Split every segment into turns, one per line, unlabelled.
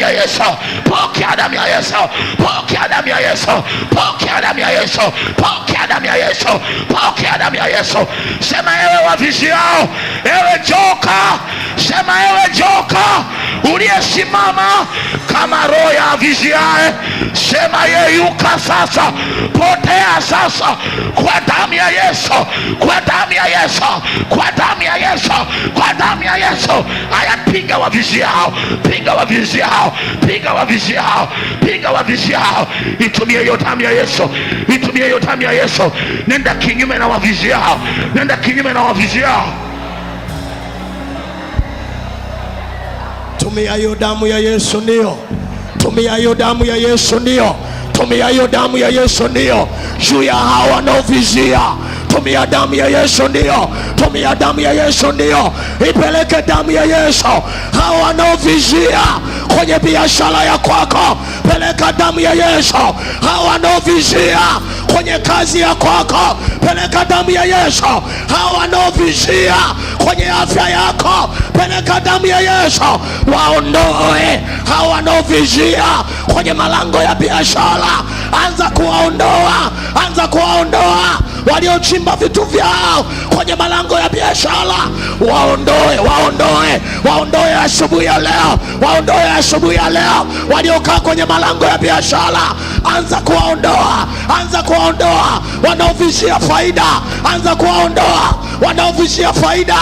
damu ya Yesu, pokea damu ya Yesu, pokea damu ya Yesu, pokea damu ya Yesu, pokea damu ya Yesu, pokea damu ya Yesu. Sema ewe waviziao, ewe joka Sema ewe joka uliyesimama kama roho ya viziae, sema yeyuka sasa, potea sasa, kwa damu ya Yesu, kwa damu ya Yesu, kwa damu ya Yesu, kwa damu ya Yesu. Aya, pinga waviziao, pinga waviziao, pinga waviziao, pinga waviziao, itumie hiyo damu ya Yesu, itumie hiyo damu ya Yesu. Nenda kinyume na waviziao, nenda kinyume na waviziao. Tumia hiyo damu ya Yesu ndio, tumia hiyo damu ya Yesu ndio, tumia hiyo damu ya Yesu ndio, juu ya hawa wanaovizia Tumia damu ya Yesu ndio, tumia damu ya Yesu ndio, ipeleke damu ya Yesu hawa wanaovizia kwenye biashara ya kwako, peleka damu ya Yesu hawa wanaovizia kwenye kazi ya kwako, peleka damu ya Yesu hawa wanaovizia kwenye afya yako, peleka damu ya Yesu, waondoe hao wanaovizia kwenye malango ya biashara. Anza kuwaondoa, anza kuwaondoa waliochimba vitu vyao kwenye malango ya biashara, waondoe, waondoe, waondoe asubuhi ya leo, waondoe asubuhi ya leo, waliokaa kwenye malango ya biashara. Anza kuwaondoa, anza kuwaondoa wanaovizia faida, anza kuwaondoa wanaovishia faida,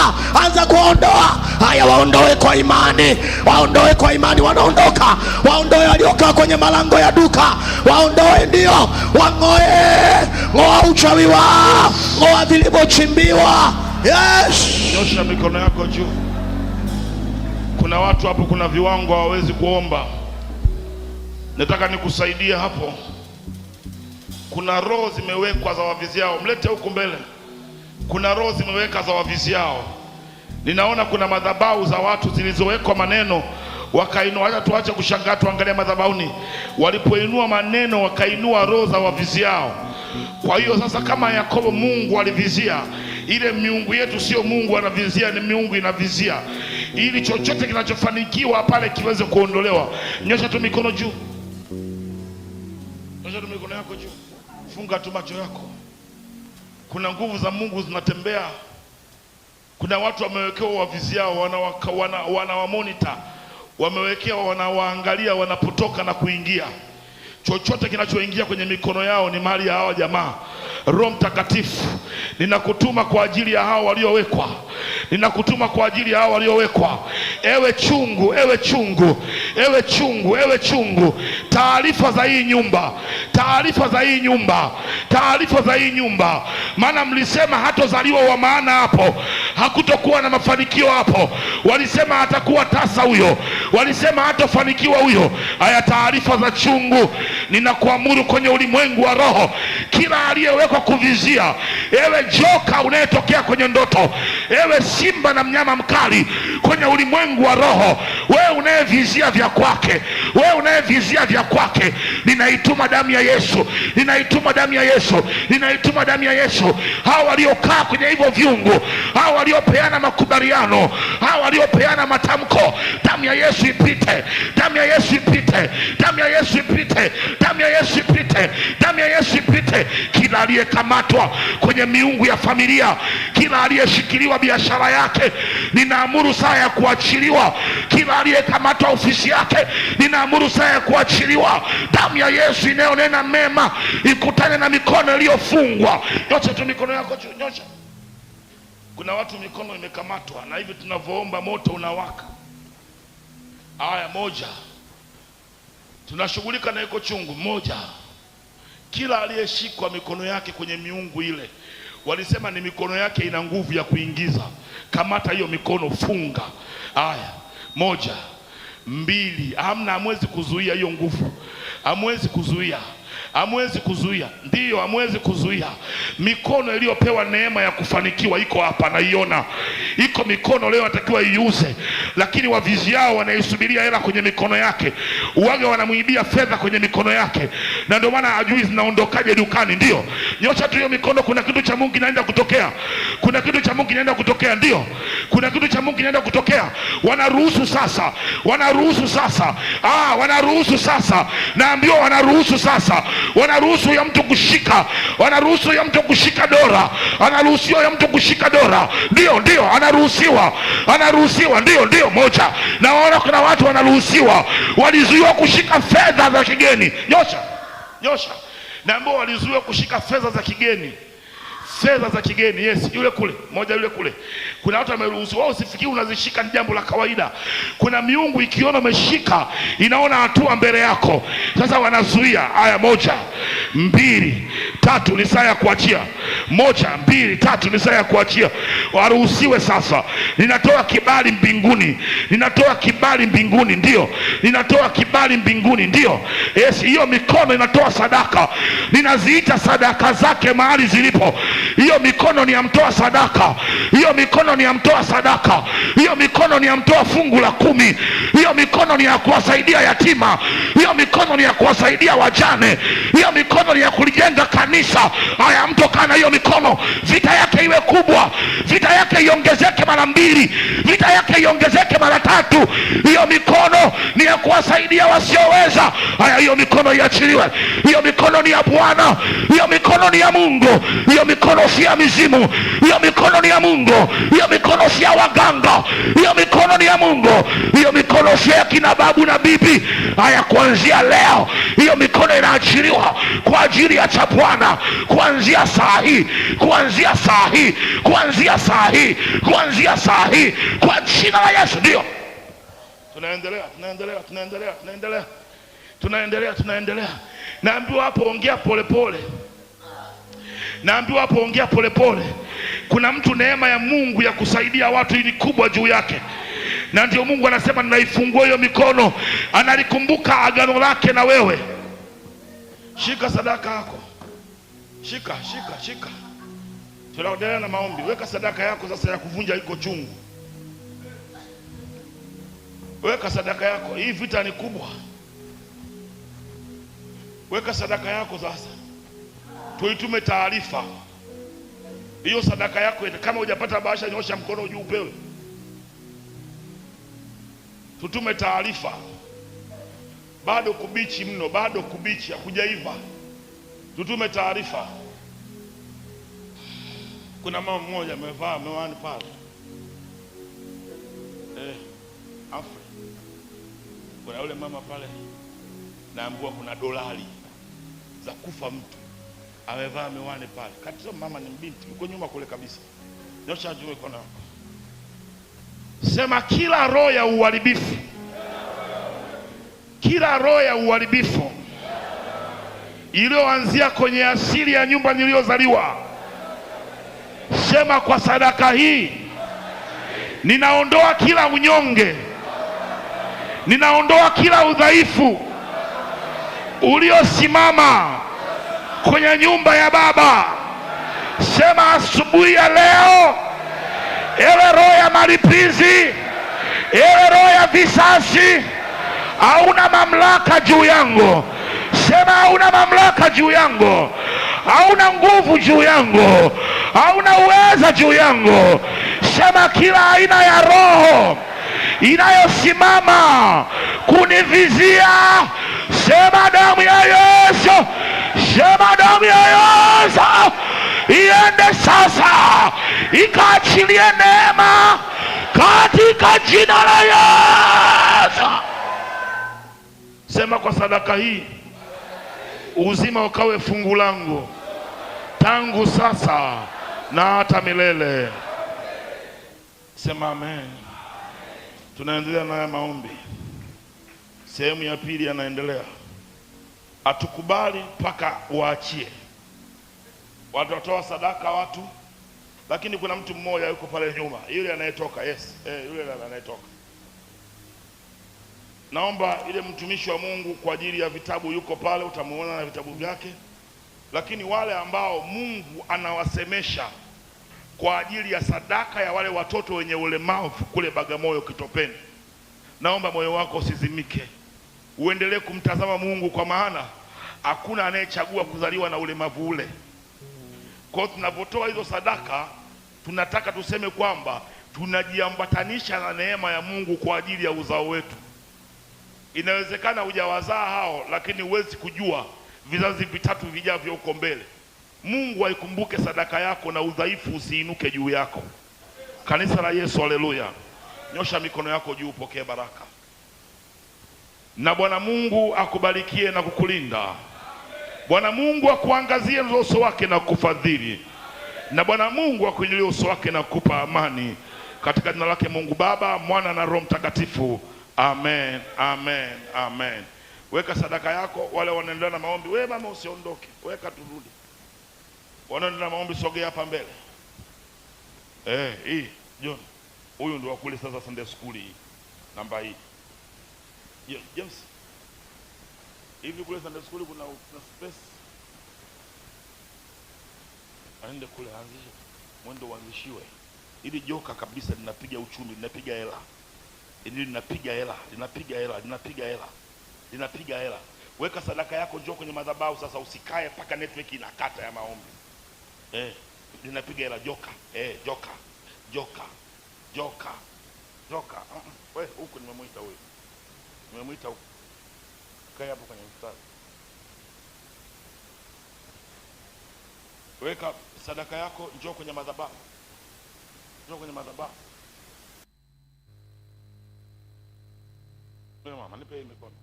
anza kuwaondoa. Haya, waondoe kwa imani, waondoe kwa imani, wanaondoka. Waondoe waliokaa kwenye malango ya duka, waondoe, ndio wang'oe. Ng'oa uchawi wao, ng'oa vilivyochimbiwa. Yes,
nyosha mikono yako juu. Kuna watu hapo, kuna viwango hawawezi kuomba. Nataka nikusaidie hapo. Kuna roho zimewekwa za waviziao, mlete huku mbele. Kuna roho zimeweka za waviziao. Ninaona kuna madhabahu za watu zilizowekwa maneno wakainua. Hata tuache kushangaa, tuangalie madhabahuni walipoinua maneno, wakainua roho za waviziao. Kwa hiyo sasa, kama Yakobo Mungu alivizia ile miungu yetu, sio Mungu anavizia, ni miungu inavizia, ili chochote kinachofanikiwa pale kiweze kuondolewa. Nyosha tu mikono juu, nyosha tu mikono yako juu, funga tu macho yako. Kuna nguvu za Mungu zinatembea. Kuna watu wamewekewa waviziao, wanawamonita wana, wana wamewekewa, wanawaangalia wanapotoka na kuingia. Chochote kinachoingia kwenye mikono yao ni mali ya hawa jamaa. Roho Mtakatifu, ninakutuma kwa ajili ya hao waliowekwa, ninakutuma kwa ajili ya hao waliowekwa. Ewe chungu, ewe chungu, ewe chungu, ewe chungu, taarifa za hii nyumba, taarifa za hii nyumba, taarifa za hii nyumba, maana mlisema hatozaliwa wa maana hapo hakutokuwa na mafanikio hapo. Walisema atakuwa tasa huyo, walisema hatofanikiwa huyo. Haya, taarifa za chungu, ninakuamuru kwenye ulimwengu wa roho, kila aliyewekwa kuvizia, ewe joka unayetokea kwenye ndoto, ewe simba na mnyama mkali kwenye ulimwengu wa roho, wewe unayevizia vya kwake, wewe unayevizia vya kwake, ninaituma damu ya Yesu, ninaituma damu ya Yesu, ninaituma damu ya Yesu. Hawa waliokaa kwenye hivyo viungu hawa waliopeana makubaliano, hawa waliopeana matamko, damu ya Yesu ipite, damu ya Yesu ipite, damu ya Yesu ipite, damu ya Yesu ipite, damu ya Yesu ipite. Kila aliyekamatwa kwenye miungu ya familia, kila aliyeshikiliwa biashara yake, ninaamuru saa ya kuachiliwa. Kila aliyekamatwa ofisi yake, ninaamuru saa ya kuachiliwa. Damu ya Yesu inayonena mema ikutane na mikono iliyofungwa. Nyosha tu mikono yako juu, nyosha kuna watu mikono imekamatwa, na hivi tunavyoomba moto unawaka. Aya moja, tunashughulika na iko chungu moja. Kila aliyeshikwa mikono yake kwenye miungu ile, walisema ni mikono yake ina nguvu ya kuingiza. Kamata hiyo mikono, funga. Aya moja, mbili. Hamna, hamwezi kuzuia hiyo nguvu, hamwezi kuzuia Hamwezi kuzuia, ndiyo, hamwezi kuzuia. Mikono iliyopewa neema ya kufanikiwa iko hapa, naiona iko mikono leo natakiwa iuze, lakini wavizi yao wanaisubiria hela kwenye mikono yake, uwaga wanamwibia fedha kwenye mikono yake, na ndio maana ajui zinaondokaje dukani. ndio Nyosha tu hiyo mikono, kuna kitu cha Mungu kinaenda kutokea, kuna kitu cha Mungu kinaenda kutokea, ndio, kuna kitu cha Mungu kinaenda kutokea. Wanaruhusu sasa, wanaruhusu sasa, ah, wanaruhusu sasa, naambiwa wanaruhusu sasa, wanaruhusu ya mtu kushika, wanaruhusu ya mtu kushika dora, anaruhusiwa ya mtu kushika dora, ndio, ndio, anaruhusiwa, anaruhusiwa, ndio, ndio, moja. Naona kuna watu wanaruhusiwa, walizuiwa kushika fedha za kigeni. Nyosha, nyosha na ambao walizuiwa kushika fedha za kigeni, fedha za kigeni. Yes, yule kule moja, yule kule kuna watu wameruhusu wao. Usifikiri unazishika ni jambo la kawaida. Kuna miungu ikiona umeshika inaona hatua mbele yako, sasa wanazuia. Haya, moja, mbili Tatu ni saa ya kuachia. Moja, mbili, tatu ni saa ya kuachia. Waruhusiwe sasa. Ninatoa kibali mbinguni, ninatoa kibali mbinguni, ndio ninatoa kibali mbinguni, ndio yes. Hiyo mikono inatoa sadaka, ninaziita sadaka zake mahali zilipo. Hiyo mikono ni ya mtoa sadaka, hiyo mikono ni ya mtoa sadaka, hiyo mikono ni ya mtoa fungu la kumi, hiyo mikono ni ya kuwasaidia yatima, hiyo mikono ni ya kuwasaidia wajane, hiyo mikono ni ya kulijenga kanisa haya, mtu kaa na hiyo mikono, vita yake iwe kubwa, vita yake iongezeke mara mbili, vita yake iongezeke mara tatu. Hiyo mikono ni ya kuwasaidia wasioweza. Haya, hiyo mikono iachiliwe, hiyo mikono ni ya Bwana, hiyo mikono ni ya Mungu, hiyo mikono si ya mizimu, hiyo mikono ni ya Mungu, hiyo mikono si ya waganga, hiyo mikono ni ya Mungu, hiyo mikono si ya kina babu na bibi. Haya, kuanzia leo hiyo mikono inaachiliwa kwa ajili ya chapu Bwana kuanzia saa hii, kuanzia saa hii, kuanzia saa hii, kuanzia saa hii, kwa jina la Yesu. Ndio tunaendelea, tunaendelea, tunaendelea, tunaendelea, tunaendelea, tunaendelea. Naambiwa hapo ongea polepole, naambiwa hapo ongea polepole. Kuna mtu neema ya Mungu ya kusaidia watu ili ni kubwa juu yake na ndio Mungu anasema ninaifungua hiyo mikono, analikumbuka agano lake na wewe. Shika sadaka yako. Shika shika shika, tunaendelea na maombi. Weka sadaka yako sasa ya kuvunja iko chungu, weka sadaka yako. Hii vita ni kubwa, weka sadaka yako sasa, tuitume taarifa hiyo. Sadaka yako kama hujapata bahasha, nyosha mkono juu upewe, tutume taarifa. Bado kubichi mno, bado kubichi, hakujaiva tutume taarifa. Kuna mama mmoja amevaa miwani pale eh, Afri. Kuna yule mama pale, naambiwa kuna dolari za kufa mtu, amevaa miwani pale. Kati mama ni mbinti, uko nyuma kule kabisa, nyosha juu, uko na sema, kila roho ya uharibifu, kila roho ya uharibifu iliyoanzia kwenye asili ya nyumba niliyozaliwa. Sema, kwa sadaka hii ninaondoa kila unyonge, ninaondoa kila udhaifu uliosimama kwenye nyumba ya Baba. Sema, asubuhi ya leo, ile roho ya malipizi, ile roho ya visasi hauna mamlaka juu yangu. Sema hauna mamlaka juu yangu, hauna nguvu juu yangu, hauna uweza juu yangu. Sema kila aina ya roho inayosimama kunivizia, sema damu ya Yesu, sema damu ya Yesu iende sasa, ikaachilie neema katika jina la Yesu. Sema kwa sadaka hii uzima ukawe fungu langu tangu sasa na hata milele. Sema amen. Tunaendelea na haya maombi, sehemu ya pili yanaendelea. Hatukubali mpaka waachie watu watoa sadaka watu, lakini kuna mtu mmoja yuko pale nyuma, yule anayetoka yes, eh, yule anayetoka Naomba ile mtumishi wa Mungu kwa ajili ya vitabu yuko pale, utamuona na vitabu vyake. Lakini wale ambao Mungu anawasemesha kwa ajili ya sadaka ya wale watoto wenye ulemavu kule Bagamoyo Kitopeni, naomba moyo wako usizimike, uendelee kumtazama Mungu, kwa maana hakuna anayechagua kuzaliwa na ulemavu ule. Kwa hiyo tunapotoa hizo sadaka, tunataka tuseme kwamba tunajiambatanisha na neema ya Mungu kwa ajili ya uzao wetu. Inawezekana hujawazaa hao, lakini huwezi kujua vizazi vitatu vijavyo huko mbele. Mungu aikumbuke sadaka yako na udhaifu usiinuke juu yako. Kanisa la Yesu, haleluya! Nyosha mikono yako juu, upokee baraka. Na Bwana Mungu akubarikie na kukulinda. Bwana Mungu akuangazie uso wake na kukufadhili. Na Bwana Mungu akuinulie uso wake na kukupa amani, katika jina lake Mungu Baba, Mwana na Roho Mtakatifu. Amen, amen, amen. Weka sadaka yako. Wale wanaendelea na maombi, we mama, usiondoke, weka turudi. Wanaendelea na maombi, sogea hapa mbele. Eh, hii John, huyu ndio wakuli sasa Sunday school hii namba hii. James, hivi kule Sunday school kuna space? Aende kule, anzishe mwendo, uanzishiwe ili joka kabisa linapiga uchumi, linapiga hela ili linapiga hela, linapiga hela, linapiga hela, linapiga hela. Weka sadaka yako, njoo kwenye madhabahu sasa, usikae mpaka network inakata ya maombi eh. Linapiga hela, joka eh, joka joka joka joka. Uh, huko nimemwita wewe, nimemwita huko, kae hapo kwenye mstari, weka sadaka yako, njoo kwenye madhabahu, njoo kwenye madhabahu Mama, nipe hii mikono.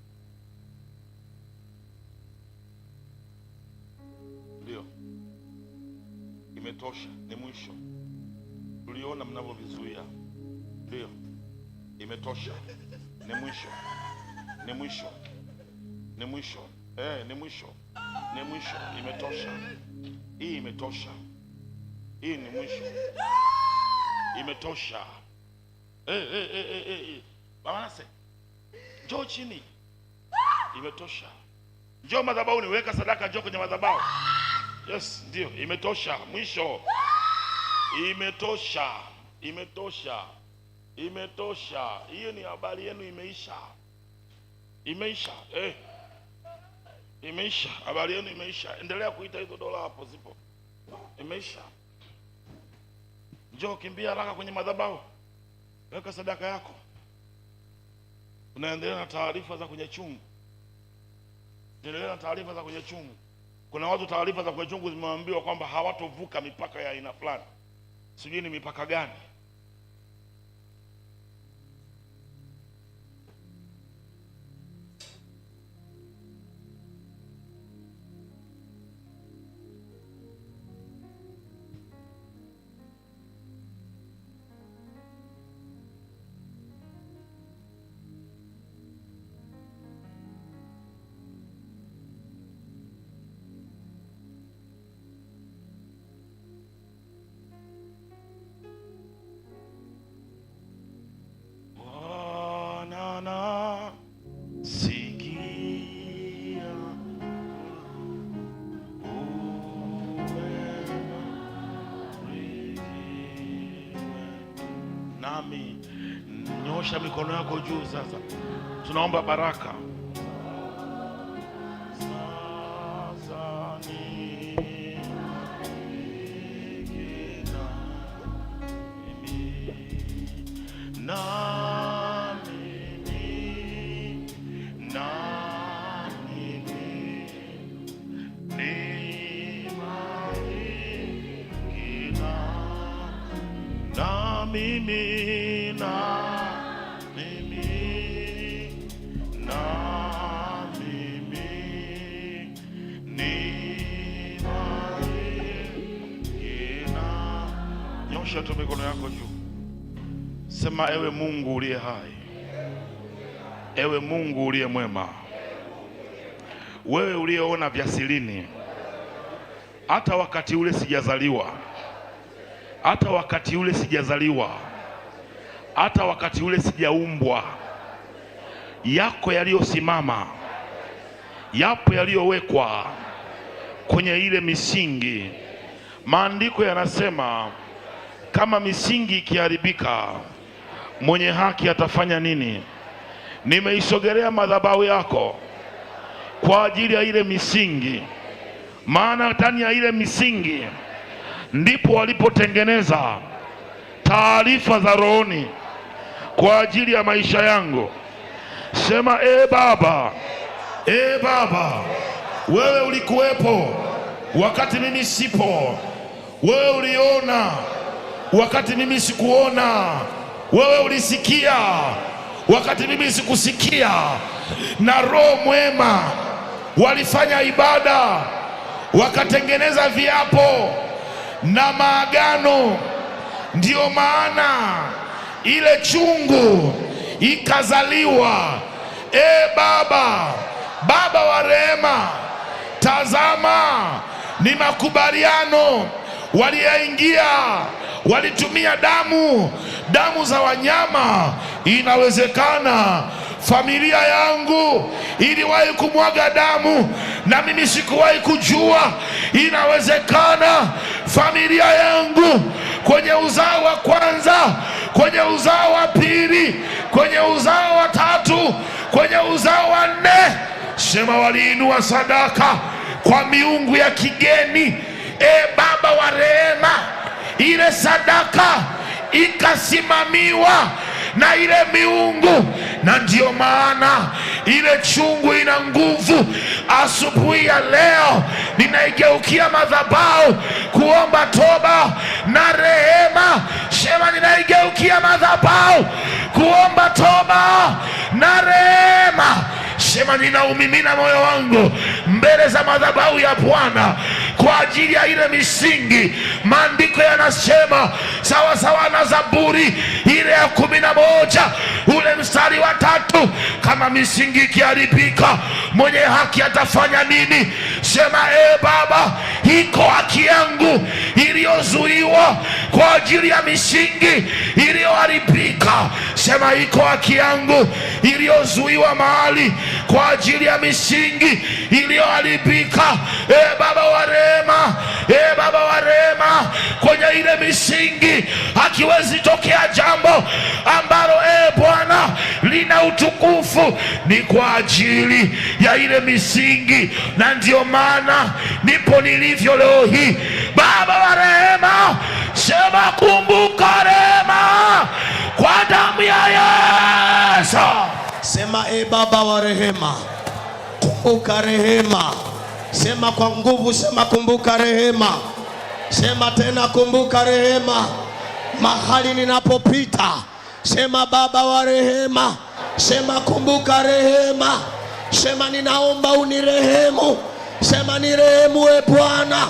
Ndio, imetosha, ni mwisho. Tuliona mnavyovizuia. Ndio, imetosha, ni mwisho, ni mwisho, ni mwisho, eh, ni mwisho, ni mwisho, imetosha. Hii imetosha, hii ni mwisho, imetosha. Eh, eh, eh, eh, eh. eh. Baba nase njoo chini, imetosha. Njoo madhabahu, niweka sadaka, njoo kwenye madhabahu. Yes, ndio, imetosha. Mwisho, imetosha, imetosha, imetosha. Hiyo ni habari yenu, imeisha, imeisha eh. Imeisha, habari yenu imeisha. Endelea kuita hizo dola hapo, zipo. Imeisha. Njoo kimbia haraka kwenye madhabahu, weka sadaka yako tunaendelea na taarifa za kwenye chungu, unaendelea na taarifa za kwenye chungu. Kuna watu taarifa za kwenye chungu zimeambiwa kwamba hawatovuka mipaka ya aina fulani, sijui ni mipaka gani. Nyosha mikono yako juu sasa, tunaomba baraka mimi Nyosha tu mikono yako juu, sema: ewe Mungu uliye hai, ewe Mungu uliye mwema, wewe uliyeona vya silini, hata wakati ule sijazaliwa, hata wakati ule sijazaliwa, hata wakati ule sijaumbwa, yako yaliyosimama, yapo yaliyowekwa kwenye ile misingi. Maandiko yanasema kama misingi ikiharibika, mwenye haki atafanya nini? Nimeisogelea madhabahu yako kwa ajili ya ile misingi, maana ndani ya ile misingi ndipo walipotengeneza taarifa za rohoni kwa ajili ya maisha yangu. Sema e Baba, e Baba, wewe ulikuwepo wakati mimi sipo, wewe uliona wakati mimi sikuona, wewe ulisikia wakati mimi sikusikia, na roho mwema walifanya ibada, wakatengeneza viapo na maagano. Ndiyo maana ile chungu ikazaliwa. E Baba, Baba wa rehema, tazama ni makubaliano waliyaingia, walitumia damu, damu za wanyama. Inawezekana familia yangu iliwahi kumwaga damu na mimi sikuwahi kujua. Inawezekana familia yangu kwenye uzao wa kwanza, kwenye uzao wa pili, kwenye uzao wa tatu, kwenye uzao wa nne, sema waliinua sadaka kwa miungu ya kigeni. E Baba wa rehema, ile sadaka ikasimamiwa na ile miungu, na ndiyo maana ile chungu ina nguvu. Asubuhi ya leo ninaigeukia madhabahu kuomba toba na rehema. shema ninaigeukia madhabahu kuomba toba na rehema. Sema, ninaumimina moyo wangu mbele za madhabahu ya Bwana kwa ajili ya ile misingi. Maandiko yanasema sawa sawa na Zaburi ile ya kumi na moja ule mstari wa tatu kama misingi ikiharibika, mwenye haki atafanya nini? Sema e Baba, iko haki yangu iliyozuiwa kwa ajili ya misingi iliyoharibika. Sema iko haki yangu iliyozuiwa mahali kwa ajili ya misingi iliyoharibika. E Baba ware rehema, e Baba wa rehema, kwenye ile misingi hakiwezi tokea jambo ambalo e Bwana lina utukufu, ni kwa ajili ya ile misingi, na ndiyo maana nipo nilivyo leo hii. Baba wa rehema, sema kumbuka rehema kwa damu ya Yesu. Sema e Baba wa rehema, kumbuka rehema Sema kwa nguvu, sema kumbuka rehema, sema tena kumbuka rehema mahali ninapopita. Sema Baba wa rehema, sema kumbuka rehema, sema ninaomba unirehemu, sema nirehemu e Bwana,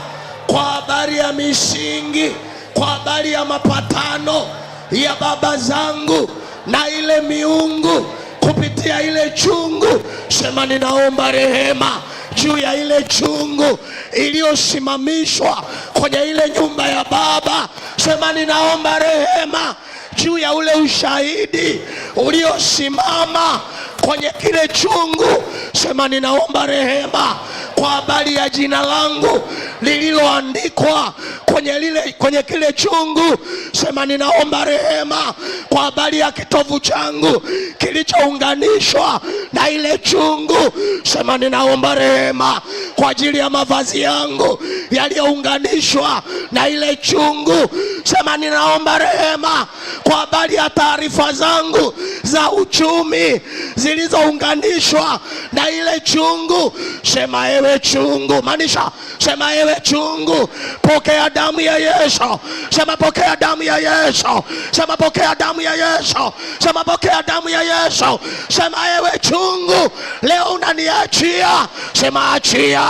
kwa habari ya misingi, kwa habari ya mapatano ya baba zangu na ile miungu kupitia ile chungu. Sema ninaomba rehema juu ya ile chungu iliyosimamishwa kwenye ile nyumba ya Baba. Sema, ninaomba rehema juu ya ule ushahidi uliosimama kwenye kile chungu. Sema, ninaomba rehema kwa habari ya jina langu lililoandikwa kwenye, lile, kwenye kile chungu. Sema, ninaomba rehema kwa habari ya kitovu changu kilichounganishwa na ile chungu. Sema, ninaomba rehema kwa ajili ya mavazi yangu yaliyounganishwa na ile chungu. Sema, ninaomba rehema kwa habari ya taarifa zangu za uchumi zilizounganishwa na ile chungu. Sema, ewe chungu, maanisha sema, ewe chungu, pokea damu ya Yesu. Sema, pokea damu ya Yesu. Sema, pokea damu ya Yesu. Sema, pokea damu ya Yesu. Sema, ewe chungu, leo unaniachia. Sema, achia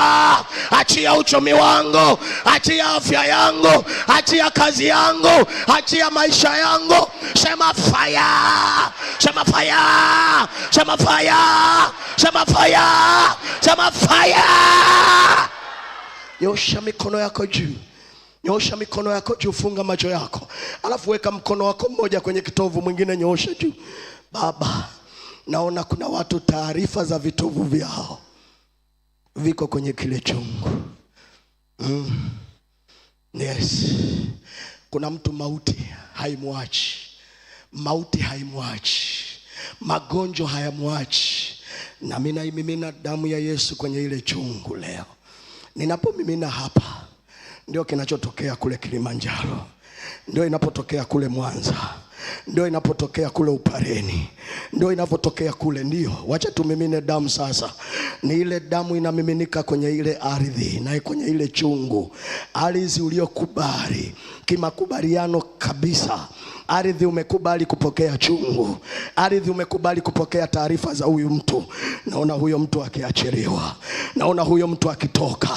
achia uchumi wangu, achia afya yangu, achia kazi yangu, achia maisha yangu. Sema faya, sema faya, sema faya, sema faya, sema faya. Nyosha mikono yako juu Nyoosha mikono yako juu, funga macho yako, alafu weka mkono wako mmoja kwenye kitovu, mwingine nyoosha juu. Baba, naona kuna watu taarifa za vitovu vyao viko kwenye kile chungu mm. Yes, kuna mtu mauti haimwachi, mauti haimwachi, magonjwa hayamwachi. Na mimi naimimina damu ya Yesu kwenye ile chungu leo. Ninapomimina hapa, ndio kinachotokea kule Kilimanjaro, ndio inapotokea kule Mwanza ndio inapotokea kule Upareni, ndio inavyotokea kule. Ndio wacha tumimine damu sasa. Ni ile damu inamiminika kwenye ile ardhi na kwenye ile chungu, ardhi uliyokubali kimakubaliano kabisa Ardhi umekubali kupokea chungu, ardhi umekubali kupokea taarifa za huyu mtu. Naona huyo mtu akiachiliwa, naona huyo mtu akitoka,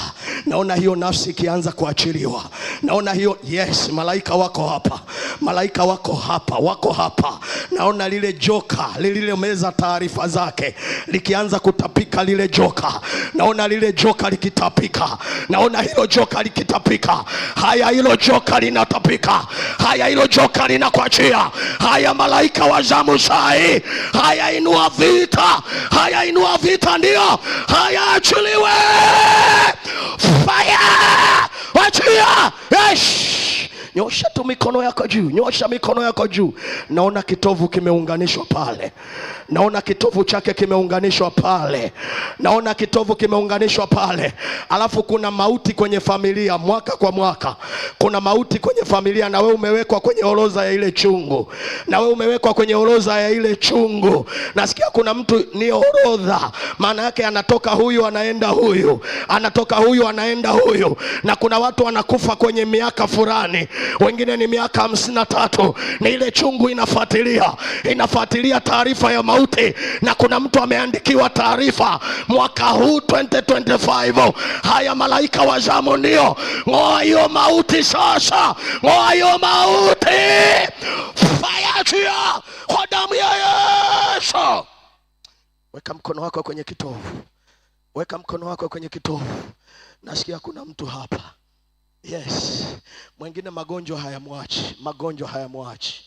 naona hiyo nafsi ikianza kuachiliwa, naona hiyo yes, malaika wako hapa, malaika wako hapa, wako hapa. Naona lile joka lililomeza taarifa zake likianza kutapika, lile joka, naona lile joka likitapika, naona hilo joka likitapika. Haya, hilo joka linatapika, haya, hilo joka lina kukuachia. Haya malaika wa zamu sai, haya inua vita, haya inua vita, ndio haya achiliwe, fire wachia, yes Nyosha tu mikono yako juu, nyosha mikono yako juu. Naona kitovu kimeunganishwa pale, naona kitovu chake kimeunganishwa pale, naona kitovu kimeunganishwa pale. Alafu kuna mauti kwenye familia mwaka kwa mwaka, kuna mauti kwenye familia, na wewe umewekwa kwenye orodha ya ile chungu, na wewe umewekwa kwenye orodha ya ile chungu. Nasikia kuna mtu ni orodha, maana yake anatoka huyu anaenda huyu, anatoka huyu anaenda huyu, na kuna watu wanakufa kwenye miaka fulani wengine ni miaka hamsini na tatu. Ni ile chungu inafuatilia inafuatilia taarifa ya mauti, na kuna mtu ameandikiwa taarifa mwaka huu 2025. Haya malaika wa zamu, ndio ng'oa hiyo mauti sasa, ng'oa hiyo mauti fayatia kwa damu ya Yesu. Weka mkono wako kwenye kitovu, weka mkono wako kwenye kitovu. Nasikia kuna mtu hapa Yes, mwengine magonjwa hayamwachi, magonjwa hayamwachi.